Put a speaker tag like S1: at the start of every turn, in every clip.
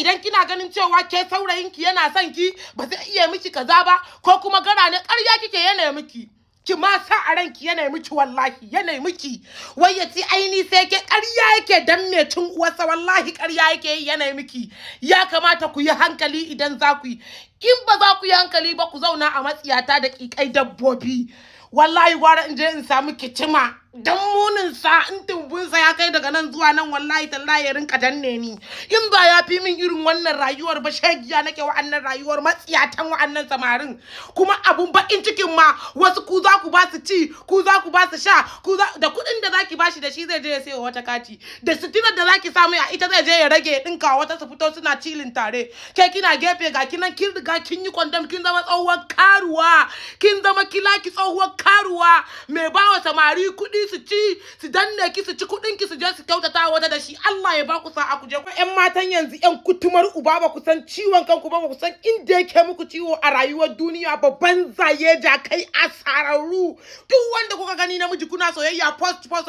S1: idan kina ganin cewa ke saurayin ki yana son ki ba zai iya miki kaza ba ko kuma gara ne ƙarya kike yana miki ki ma sa a ranki yana miki wallahi yana miki wai ya ci aini sai ke ƙarya yake dan me cin uwarsa wallahi ƙarya yake yi yana miki ya kamata ku yi hankali idan za ku yi in ba za ku yi hankali ba ku zauna a matsiyata da ƙiƙai dabbobi wallahi gwara in je in samu kicima dan munin sa in tumbun ya kai daga nan zuwa nan wallahi tallahi ya rinka danne ni in ba ya fi min irin wannan rayuwar ba shagiya nake wa'annan rayuwar matsiyatan wa'annan samarin kuma abun bakin cikin ma wasu ku za ku ba su ci ku za ku ba su sha ku da kuɗin da za. bashi da shi zai je ya sayo wata kati da suturar da zaki samu a ita zai je ya rage dinka wata su fito suna cilin tare kai kina gefe ga kinan kin riga kin yi kwandam kin zama tsohuwar karuwa kin zama kila ki tsohuwar karuwa mai bawa samari kuɗi su ci su danne ki su ci kuɗin ki su je su kyautata wata da shi Allah ya ba ku sa'a ku je ku ƴan matan yanzu ƴan kutumar uba ba ku san ciwon kanku ba ba ku san inda yake muku ciwo a rayuwar duniya babban zaye kai asararru duk wanda kuka gani namiji kuna soyayya post post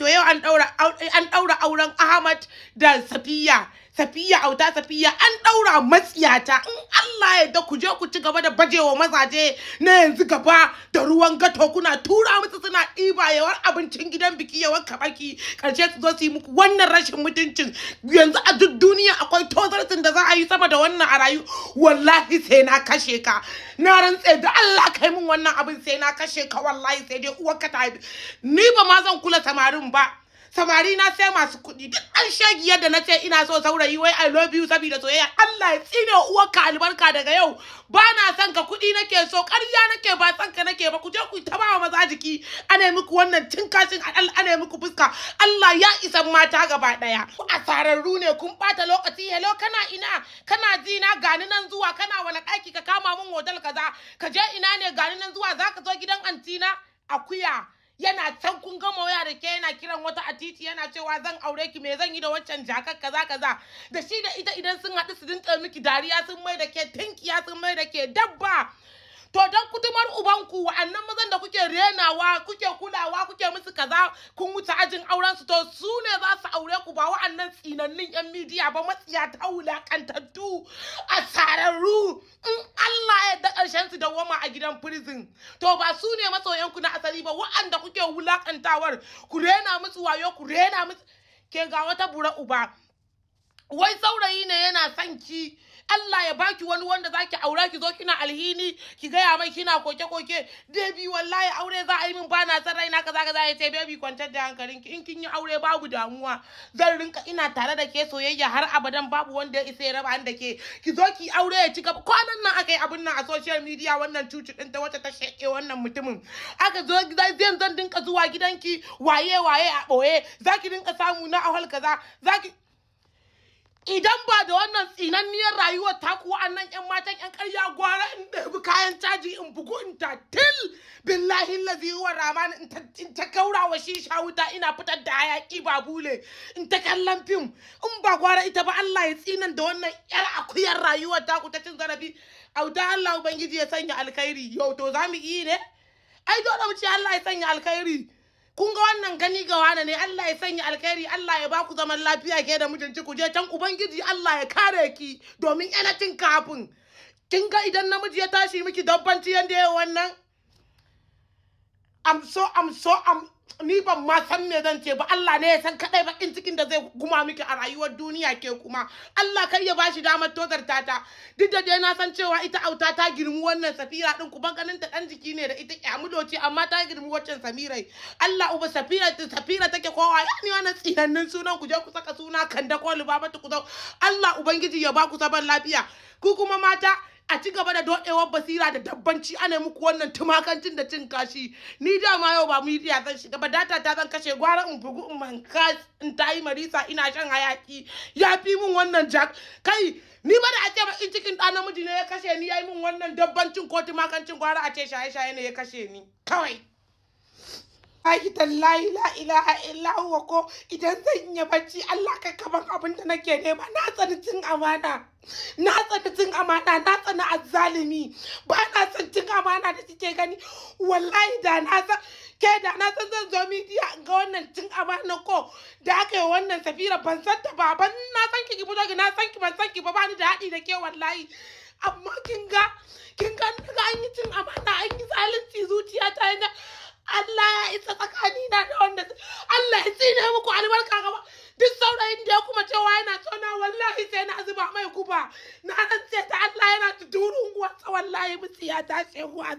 S1: to yau an ɗaura auren Ahmad da Safiya safiya auta safiya an daura matsiyata in Allah ya da ku je ku ci gaba da bajewa mazaje na yanzu gaba da ruwan gato kuna tura musu suna ɗiba yawar abincin gidan biki yawar kabaki karshe su zo su yi muku wannan rashin mutuncin yanzu a duk duniya akwai tozartin da za a yi sama da wannan a rayu wallahi sai na kashe ka na rantse da Allah kai min wannan abin sai na kashe ka wallahi sai dai uwarka ta ni ba ma zan kula samarin ba samari na sai masu kuɗi duk an shagi yadda na ce ina so saurayi wai I love you saboda soyayya Allah ya tsine uwarka albarka daga yau ba na son ka kuɗi nake so ƙarya nake ba son ka nake ba ku je ku ta ba maza jiki ana muku wannan tinkashin ana muku fuska Allah ya isan mata gaba ɗaya asararru ne kun bata lokaci hello kana ina kana ji na gani nan zuwa kana wani ɗaki ka kama min hotel kaza ka je ina ne gani nan zuwa zaka zo gidan antina akuya yana can kun gama waya da ke yana kiran wata a titi yana cewa zan aure ki me zan yi da waccan jakar kaza kaza da shi da ita idan sun haɗu su dinka miki dariya sun mai da ke tinkiya sun mai da ke dabba to don kutumar ubanku wa'annan mazan da kuke renawa kuke kulawa kuke musu kaza kun wuce ajin auren su to su ne za su aure ku ba wa'annan tsinannin yan midiya ba matsiya ta wulakantattu asararru in Allah ya da karshen su wama a gidan prison to ba su ne masoyanku na asali ba wa'anda kuke wulakantawar ku rena musu wayo ku rena musu ke ga wata bura uba wai saurayi ne yana son ki Allah ya baki wani wanda zaki aura ki zo kina alhini ki gaya mai kina koke koke debi wallahi aure za a yi min bana san raina kaza kaza ya ce baby kwantar da hankalinki in kin yi aure babu damuwa zan rinka ina tare da ke soyayya har abadan babu wanda ya isa ya raba da ke ki zo ki aure ya ci gaba kwanan nan aka yi abin nan a social media wannan cucu din ta wacce ta sheke wannan mutumin aka zo zan zan dinka zuwa gidanki waye waye a boye zaki dinka samu na a kaza zaki idan ba da wannan tsinanniyar rayuwar ta kuwa annan yan matan yan karya gwara in ɗebi kayan caji in bugu in ta til billahi lazi wa ramani in ta kaura wa shisha wuta ina fitar da hayaki ba bule in ta kallon fim in ba gwara ita ba Allah ya tsinan da wannan yar akuyar rayuwar ta ku ta cin zarafi auta Allah ubangiji ya sanya alkhairi yau to za mu yi ne ai dole mu ce Allah ya sanya alkhairi kun ga wannan gani ga wani ne Allah ya sanya alkhairi Allah ya baku zaman lafiya ke da mutunci ku je can ubangiji Allah ya kare ki domin anything kafin kin ga idan namiji ya tashi miki dabbanci yanda ya wannan I'm so am so I'm ni ban ma san me zan ce ba Allah ne ya san kadai ba in cikin da zai guma miki a rayuwar duniya ke kuma Allah kai ya bashi damar tozarta ta duk da dai na san cewa ita auta ta girmi wannan safira din kuma ganin ta dan jiki ne da ita kyamulo ce amma ta girmi waccan samirai Allah uba safira ta safira take kowa ya ni wannan tsinannin sunan ku je ku saka suna kanda ko libabatu ku zo Allah ubangiji ya ba ku saban lafiya ku kuma mata a ci gaba da doɗewar basira da dabbanci ana muku wannan tumakancin da cin kashi ni dama yau ba mu midiya zan shiga ba data ta zan kashe gwara in bugu in manka in tayi marisa ina shan hayaki ya fi min wannan jack kai ni ba da ake ba in cikin ɗa namiji ne ya kashe ni ya yi min wannan dabbancin ko tumakancin gwara a ce shaye-shaye ne ya kashe ni kawai Ai tallahi la ilaha illa huwa ko idan zan yi bacci Allah ka kaman abin da nake nema na tsani cin amana na tsani cin amana na tsani azzalimi ba na son cin amana da kike gani wallahi da na san ke da na san zan zo midiya ga wannan cin amana ko da aka yi wannan safira ban san ta ba ban na san ki ki na san ki ban san ki ba ni da haɗi da ke wallahi amma kin ga kin an yi cin amana an yi zalunci zuciya ta yana Allah ya isa tsakani na da wanda Allah ya tsine muku albarka gaba duk saurayin da ya kuma cewa yana tsona wallahi sai na zuba mai guba na rantse ta Allah yana tudurun guwarsa wallahi musu ya mu a.